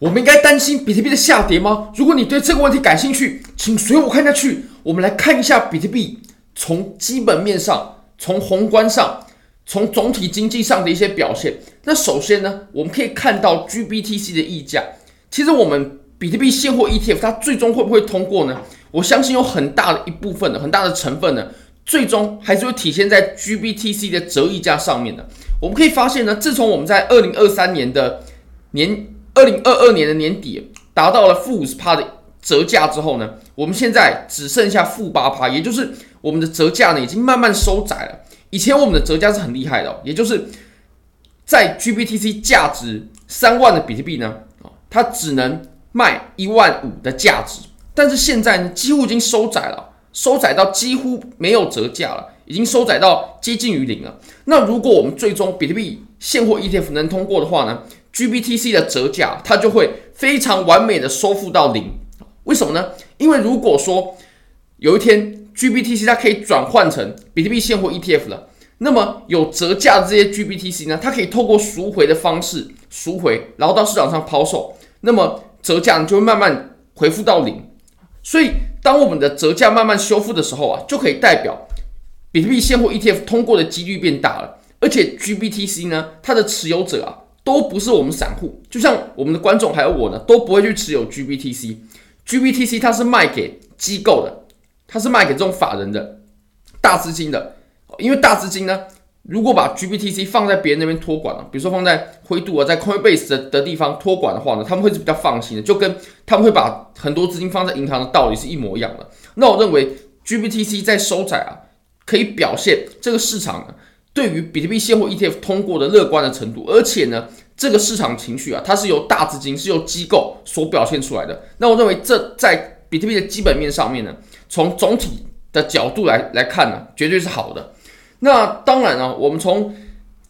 我們應該擔心比特幣的下跌嗎？如果你對這個問題感興趣，請隨我看下去。我們來看一下比特幣從基本面上、從宏觀上、從總體經濟上的一些表現。那首先呢，我們可以看到 GBTC 的溢價。其實我們比特幣現貨 ETF 它最終會不會通過呢？我相信有很大的一部分的很大的成分呢，最終還是會體現在 GBTC 的折溢價上面的。我們可以發現呢，自從我們在二零二三年的年二零二二年的年底達到了負五十趴的折價之後呢，我們現在只剩下負八趴，也就是我們的折價呢已經慢慢收窄了。以前我們的折價是很厲害的、哦，也就是在 GBTC 價值三萬的比特幣呢，它只能賣一萬五的價值。但是現在呢，幾乎已經收窄了，收窄到幾乎沒有折價了，已經收窄到接近於零了。那如果我們最終比特幣現貨 ETF 能通過的話呢？GBTC 的折價，它就會非常完美的收復到零。為什麼呢？因為如果說有一天 GBTC 它可以轉換成比特幣現貨 ETF 了，那麼有折價的這些 GBTC 呢，它可以透過贖回的方式贖回，然後到市場上拋售，那麼折價呢就會慢慢回復到零。所以，當我們的折價慢慢修復的時候啊，就可以代表比特幣現貨 ETF 通過的幾率變大了。而且，GBTC 呢，它的持有者啊。都不是我們散戶，就像我們的觀眾還有我呢，都不會去持有 GBTC。GBTC 它是賣給機構的，它是賣給這種法人的大資金的。因為大資金呢，如果把 GBTC 放在別人那邊托管了，比如說放在灰度啊，在 Coinbase 的的地方托管的話呢，他們會是比較放心的，就跟他們會把很多資金放在銀行的道理是一模一樣的。那我認為 GBTC 在收窄啊，可以表現這個市場呢、啊。對於比特幣現貨 ETF 通過的樂觀的程度，而且呢，這個市場情緒啊，它是由大資金、是由機構所表現出來的。那我認為這在比特幣的基本面上面呢，從總體的角度來來看呢、啊，絕對是好的。那當然呢、啊，我們從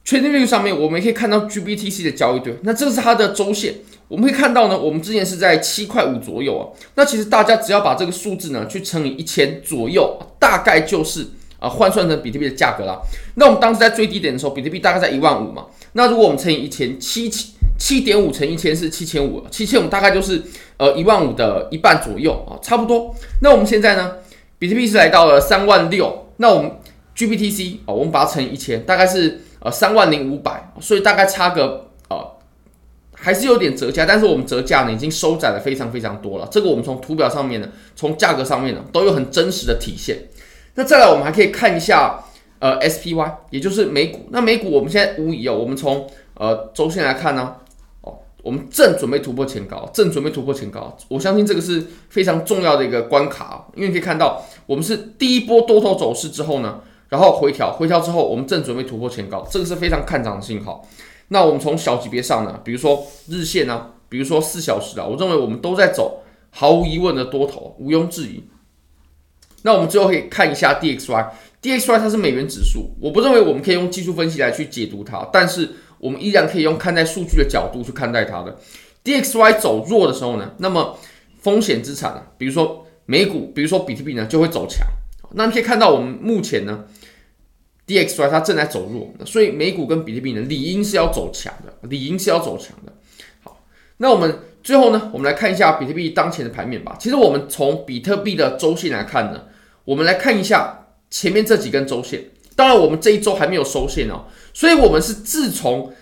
TradingView 上面，我們也可以看到 GBTC 的交易對，那這是它的周線，我們會看到呢，我們之前是在七塊五左右啊，那其實大家只要把這個數字呢去乘以一千左右，大概就是。啊，換算成比特幣的價格啦。那我們當時在最低點的時候，比特幣大概在一萬五嘛。那如果我們乘以一千，七七七點五乘一千是七千五，七千五大概就是呃一萬五的一半左右啊，差不多。那我們現在呢，比特幣是來到了三萬六，那我們 GBTC 哦，我們把它乘以一千，大概是呃三萬零五百，所以大概差個啊、呃，還是有點折價，但是我們折價呢已經收窄了非常非常多了。這個我們從圖表上面呢，從價格上面呢都有很真實的體現。那再來，我們還可以看一下，呃，SPY，也就是美股。那美股我們現在無疑哦，我們從呃週線來看呢，啊，哦，我們正準備突破前高，正準備突破前高。我相信這個是非常重要的一個關卡，因為你可以看到我們是第一波多頭走勢之後呢，然後回調，回調之後我們正準備突破前高，這個是非常看漲的信號。那我們從小級別上呢，比如說日線啊，比如說四小時啊，我認為我們都在走，毫無疑問的多頭，毋庸置疑。那我們最後可以看一下 DXY，DXY 它是美元指數，我不認為我們可以用技術分析來去解讀它，但是我們依然可以用看待數據的角度去看待它的。DXY 走弱的時候呢，那麼風險資產呢，比如說美股，比如說比特幣呢，就會走強。那你可以看到，我們目前呢，DXY 它正在走弱，所以美股跟比特幣呢，理應是要走強的，理應是要走強的。好，那我們。最後呢，我們來看一下比特幣當前的盤面吧。其實我們從比特幣的周線來看呢，我們來看一下前面這幾根周線。當然，我們這一周還沒有收線哦，所以我們是自從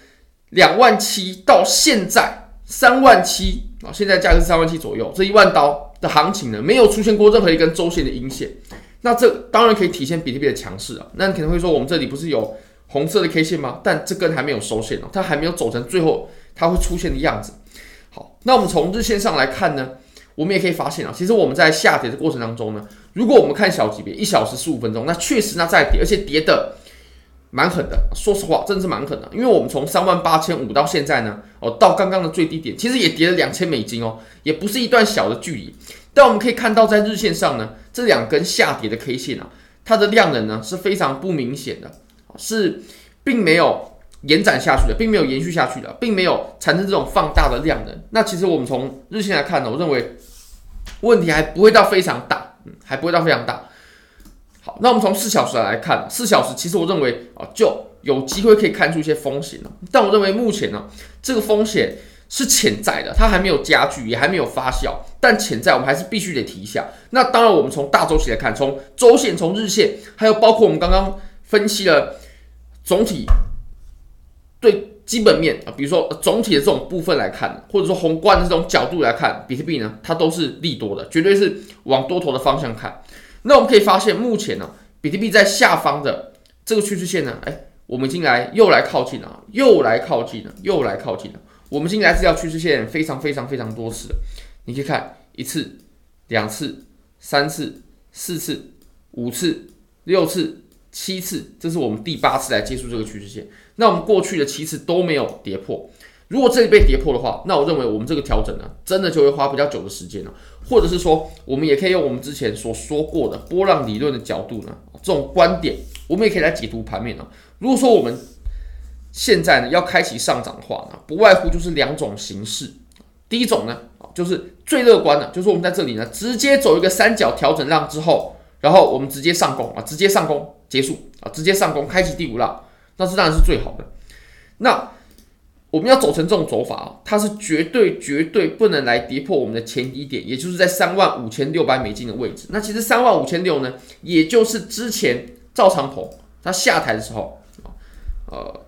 兩萬七到現在三萬七啊，現在價格是三萬七左右。這一萬刀的行情呢，沒有出現過任何一根周線的陰線。那這當然可以體現比特幣的強勢啊。那你可能會說，我們這裡不是有紅色的 K 線嗎？但這根還沒有收線哦，它還沒有走成最後它會出現的樣子。好，那我們從日線上來看呢，我們也可以發現啊，其實我們在下跌的過程當中呢，如果我們看小級別一小時十五分鐘，那確實，那在跌，而且跌得蠻狠的。說實話，真的是蠻狠的，因為我們從三萬八千五到現在呢，哦，到剛剛的最低點，其實也跌了兩千美金哦，也不是一段小的距離。但我們可以看到，在日線上呢，這兩根下跌的 K 線啊，它的量能呢是非常不明顯的，是並沒有。延展下去的，並沒有延續下去的，並沒有產生這種放大的量能。那其實我們從日線來看呢，我認為問題還不會到非常大，嗯，還不會到非常大。好，那我們從四小時來看，四小時其實我認為啊，就有機會可以看出一些風險了。但我認為目前呢、啊，這個風險是潛在的，它還沒有加劇，也還沒有發酵，但潛在我們還是必須得提一下。那當然，我們從大週期來看，從週線、從日線，還有包括我們剛剛分析的總體。對基本面啊，比如說總體的這種部分來看，或者說宏觀的這種角度來看，比特幣呢，它都是利多的，絕對是往多頭的方向看。那我們可以發現，目前呢、哦，比特幣在下方的這個趨勢線呢，哎，我們進來又來靠近了，又來靠近了，又來靠近了。我們今天來這條趨勢線非常非常非常多次，你可以看一次、兩次、三次、四次、五次、六次。七次，這是我們第八次來接觸這個趨勢線。那我們過去的七次都沒有跌破。如果這裡被跌破的話，那我認為我們這個調整呢，真的就會花比較久的時間了。或者是說，我們也可以用我們之前所說過的波浪理論的角度呢，這種觀點，我們也可以來解讀盤面呢。如果說我們現在呢要開啟上漲的話呢，不外乎就是兩種形式。第一種呢，就是最樂觀的，就是我們在這裡呢直接走一個三角調整浪之後，然後我們直接上攻啊，直接上攻。結束啊！直接上攻，開啟第五浪，那是當然是最好的。那我們要走成這種走法啊，它是絕對絕對不能來跌破我們的前低點，也就是在三萬五千六百美金的位置。那其實三萬五千六呢，也就是之前趙長鵬他下台的時候啊，呃，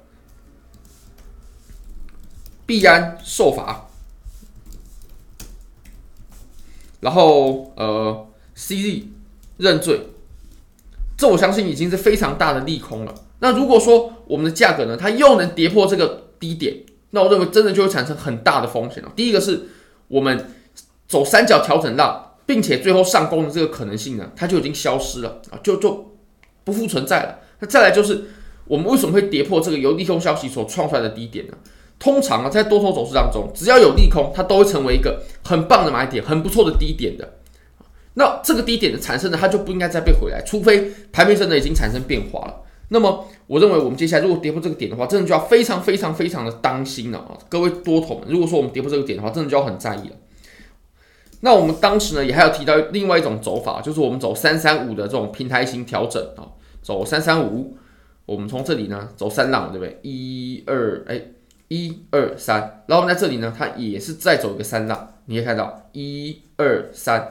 幣安受罰，然後呃，CZ 認罪。這我相信已經是非常大的利空了。那如果說我們的價格呢，它又能跌破這個低點，那我認為真的就會產生很大的風險了。第一個是，我們走三角調整浪，並且最後上攻的這個可能性呢，它就已經消失了啊，就就不復存在了。那再來就是，我們為什麼會跌破這個由利空消息所創出來的低點呢？通常啊，在多頭走勢當中，只要有利空，它都會成為一個很棒的買點，很不錯的低點的。那這個低點的產生呢，它就不應該再被回來，除非盤面上呢已經產生變化了。那麼我認為我們接下來如果跌破這個點的話，真的就要非常非常非常的當心了、哦、啊！各位多頭們，如果說我們跌破這個點的話，真的就要很在意了。那我們當時呢，也還要提到另外一種走法，就是我們走三三五的這種平台型調整啊、哦，走三三五，我們從這裡呢走三浪，對不對？一二哎，一二三，然後我們在這裡呢，它也是再走一個三浪，你可以看到一二三。1, 2, 3,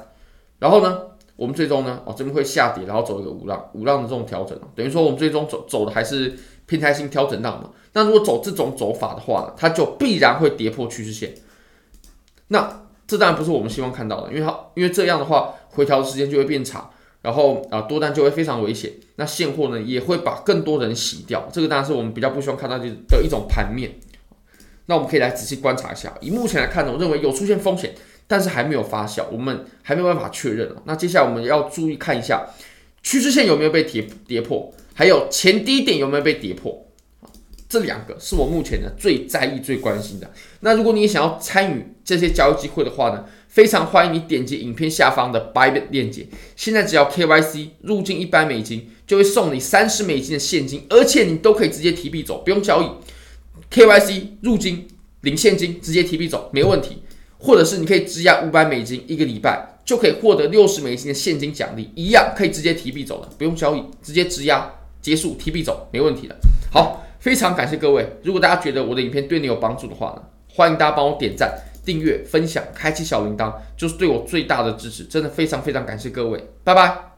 然後呢，我們最終呢，哦，這邊會下跌，然後走一個五浪，五浪的這種調整，等於說我們最終走走的還是平台型調整浪嘛？那如果走這種走法的話呢，它就必然會跌破趨勢線，那這當然不是我們希望看到的，因為它因為這樣的話，回調的時間就會變長，然後啊、呃、多單就會非常危險，那現貨呢也會把更多人洗掉，這個當然是我們比較不希望看到的一種盤面。那我們可以來仔細觀察一下，以目前來看呢，我認為有出現風險。但是還沒有發酵，我們還沒有辦法確認、哦、那接下來我們要注意看一下趨勢線有沒有被跌跌破，還有前低點有沒有被跌破。這兩個是我目前呢最在意、最關心的。那如果你想要參與這些交易機會的話呢，非常歡迎你點擊影片下方的 BYBIT 鏈接。現在只要 KYC 入金一百美金，就會送你三十美金的現金，而且你都可以直接提幣走，不用交易。KYC 入金領現金，直接提幣走沒問題。或者是你可以質押五百美金一個禮拜，就可以獲得六十美金的現金獎勵，一樣可以直接提幣走了，不用交易，直接質押結束提幣走，沒問題的。好，非常感謝各位，如果大家覺得我的影片對你有幫助的話呢，歡迎大家幫我點讚、訂閱、分享、開啟小鈴鐺，就是對我最大的支持，真的非常非常感謝各位，拜拜。